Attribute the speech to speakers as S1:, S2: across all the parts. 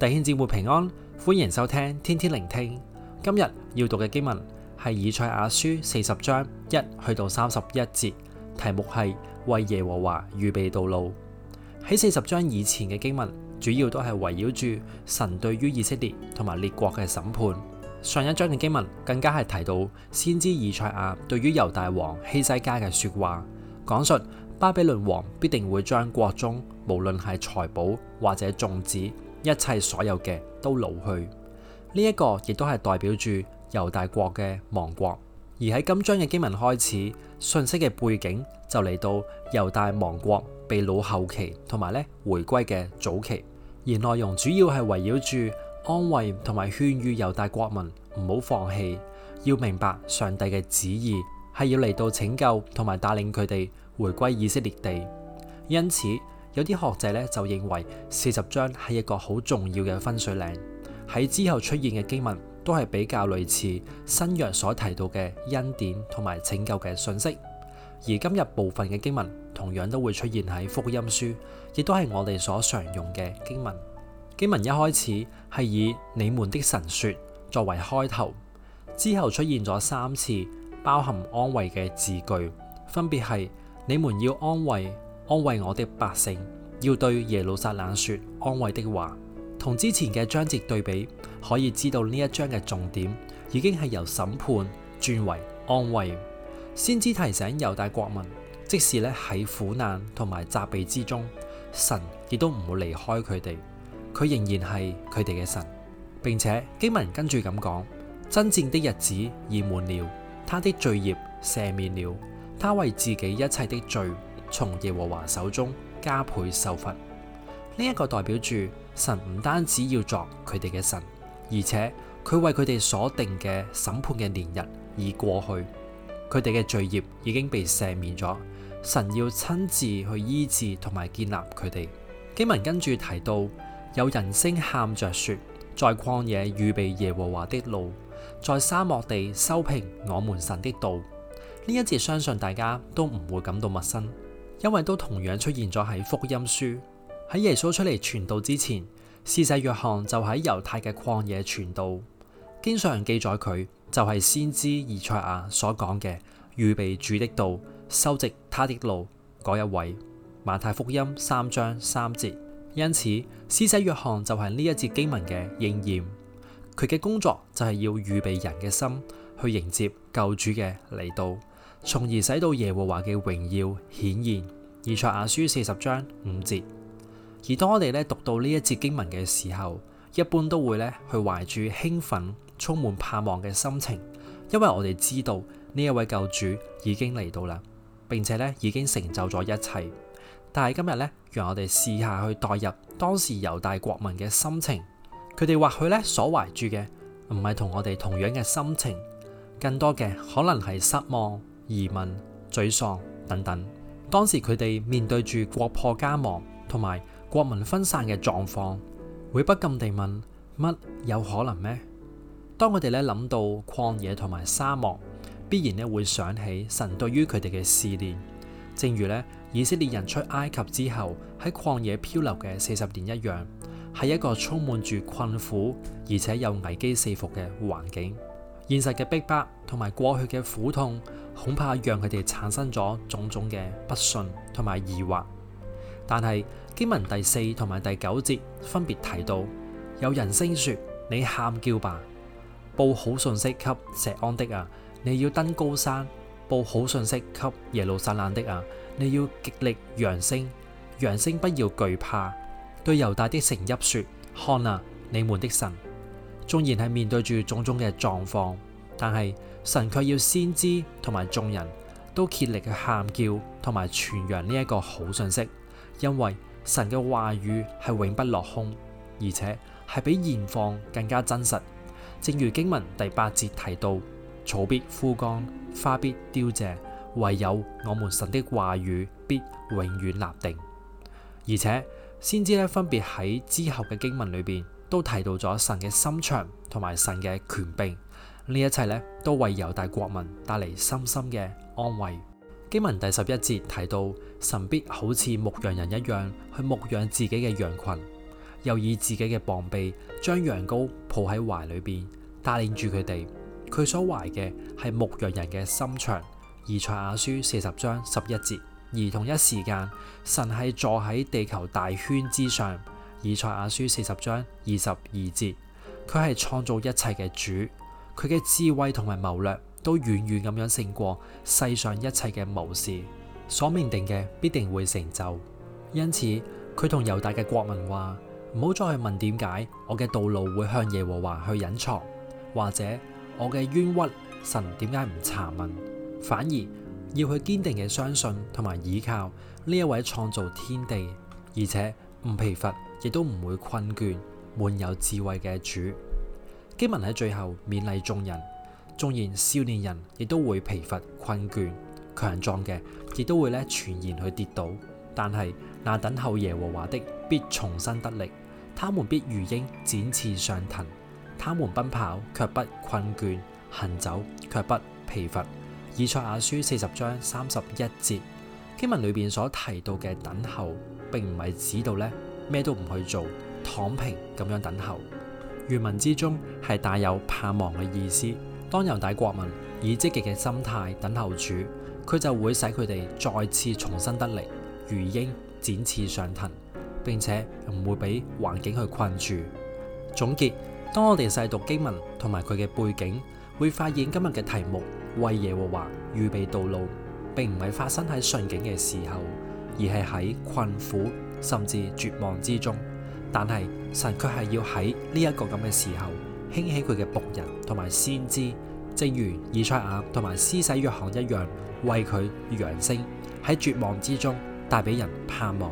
S1: 弟兄姊妹平安，歡迎收聽天天靈聽。今日要讀嘅經文係以賽亞書四十章一去到三十一節，題目係為耶和華預備道路。喺四十章以前嘅經文，主要都係圍繞住神對於以色列同埋列國嘅審判。上一章嘅經文更加係提到先知以賽亞對於猶大王希西家嘅說話，講述巴比倫王必定會將國中無論係財寶或者眾子。一切所有嘅都擄去，呢、這、一個亦都係代表住猶大國嘅亡國。而喺今章嘅經文開始，訊息嘅背景就嚟到猶大亡國被擄後期，同埋咧回歸嘅早期。而內容主要係圍繞住安慰同埋勸喻猶大國民唔好放棄，要明白上帝嘅旨意係要嚟到拯救同埋帶領佢哋回歸以色列地。因此。有啲學者咧就認為，四十章係一個好重要嘅分水嶺，喺之後出現嘅經文都係比較類似新約所提到嘅恩典同埋拯救嘅訊息。而今日部分嘅經文同樣都會出現喺福音書，亦都係我哋所常用嘅經文。經文一開始係以你們的神説作為開頭，之後出現咗三次包含安慰嘅字句，分別係你們要安慰。安慰我的百姓，要對耶路撒冷說安慰的話。同之前嘅章節對比，可以知道呢一章嘅重點已經係由審判轉為安慰。先知提醒猶大國民，即使咧喺苦難同埋責備之中，神亦都唔會離開佢哋，佢仍然係佢哋嘅神，並且經文跟住咁講：爭戰的日子已滿了，他的罪孽赦免了，他為自己一切的罪。從耶和華手中加倍受罰。呢一個代表住神唔單止要作佢哋嘅神，而且佢為佢哋所定嘅審判嘅年日已過去，佢哋嘅罪孽已經被赦免咗。神要親自去醫治同埋建立佢哋。經文跟住提到，有人聲喊着說，在曠野預備耶和華的路，在沙漠地修平我們神的道。呢一節，相信大家都唔會感到陌生。因為都同樣出現咗喺福音書，喺耶穌出嚟傳道之前，施洗約翰就喺猶太嘅曠野傳道，經常記載佢就係、是、先知以賽亞所講嘅預備主的道，修直他的路嗰一位。馬太福音三章三節，因此施洗約翰就係呢一節經文嘅應驗，佢嘅工作就係要預備人嘅心去迎接救主嘅嚟到。從而使到耶和華嘅榮耀顯現，以賽亞書四十章五節。而當我哋咧讀到呢一節經文嘅時候，一般都會咧去懷住興奮、充滿盼望嘅心情，因為我哋知道呢一位救主已經嚟到啦，並且咧已經成就咗一切。但係今日咧，讓我哋試下去代入當時猶大國民嘅心情，佢哋或許咧所懷住嘅唔係同我哋同樣嘅心情，更多嘅可能係失望。疑問、沮喪等等，當時佢哋面對住國破家亡同埋國民分散嘅狀況，會不禁地問：乜有可能咩？當我哋咧諗到曠野同埋沙漠，必然咧會想起神對於佢哋嘅試煉。正如咧以色列人出埃及之後喺曠野漂流嘅四十年一樣，係一個充滿住困苦而且又危機四伏嘅環境。現實嘅逼迫同埋過去嘅苦痛。恐怕讓佢哋產生咗種種嘅不信同埋疑惑，但係經文第四同埋第九節分別提到，有人聲說：你喊叫吧，報好信息給錫安的啊！你要登高山，報好信息給耶路撒冷的啊！你要極力揚聲，揚聲不要懼怕。對猶大的城邑說：看啊！你們的神，縱然係面對住種種嘅狀況，但係。神卻要先知同埋眾人都竭力去喊叫同埋傳揚呢一個好信息，因為神嘅話語係永不落空，而且係比現況更加真實。正如經文第八節提到：草必枯乾，花必凋謝，唯有我們神的話語必永遠立定。而且先知咧分別喺之後嘅經文裏邊都提到咗神嘅心腸同埋神嘅權柄。呢一切咧，都為猶大國民帶嚟深深嘅安慰。經文第十一節提到，神必好似牧羊人一樣去牧養自己嘅羊羣，又以自己嘅膀臂將羊羔抱喺懷裏邊，帶領住佢哋。佢所懷嘅係牧羊人嘅心腸。以賽亞書四十章十一節。而同一時間，神係坐喺地球大圈之上。以賽亞書四十章二十二節。佢係創造一切嘅主。佢嘅智慧同埋謀略都遠遠咁樣勝過世上一切嘅謀士。所命定嘅必定會成就。因此，佢同猶大嘅國民話：唔好再去問點解我嘅道路會向耶和華去隱藏，或者我嘅冤屈神點解唔查問，反而要去堅定嘅相信同埋倚靠呢一位創造天地而且唔疲乏亦都唔會困倦滿有智慧嘅主。經文喺最後勉勵眾人，縱然少年人亦都會疲乏困倦，強壯嘅亦都會咧全然去跌倒。但係那等候耶和華的必重新得力，他們必如鷹展翅上騰，他們奔跑卻不困倦，行走卻不疲乏。以賽亞書四十章三十一節，經文裏邊所提到嘅等候，並唔係指到咧咩都唔去做，躺平咁樣等候。原文之中係帶有盼望嘅意思，當猶大國民以積極嘅心態等候主，佢就會使佢哋再次重新得力，如鷹展翅上騰，並且唔會俾環境去困住。總結，當我哋細讀經文同埋佢嘅背景，會發現今日嘅題目為耶和華預備道路，並唔係發生喺順境嘅時候，而係喺困苦甚至絕望之中。但係神卻係要喺呢一個咁嘅時候興起佢嘅僕人同埋先知，正如以賽亞同埋施洗約翰一樣，為佢揚聲，喺絕望之中帶俾人盼望。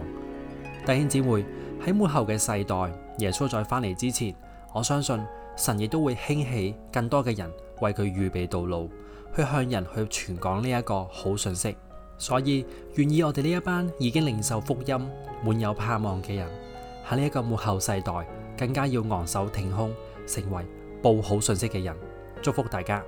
S1: 弟兄姊妹，喺末後嘅世代，耶穌再翻嚟之前，我相信神亦都會興起更多嘅人為佢預備道路，去向人去傳講呢一個好信息。所以，願意我哋呢一班已經領受福音、滿有盼望嘅人。喺呢一個末後世代，更加要昂首挺胸，成為報好信息嘅人。祝福大家！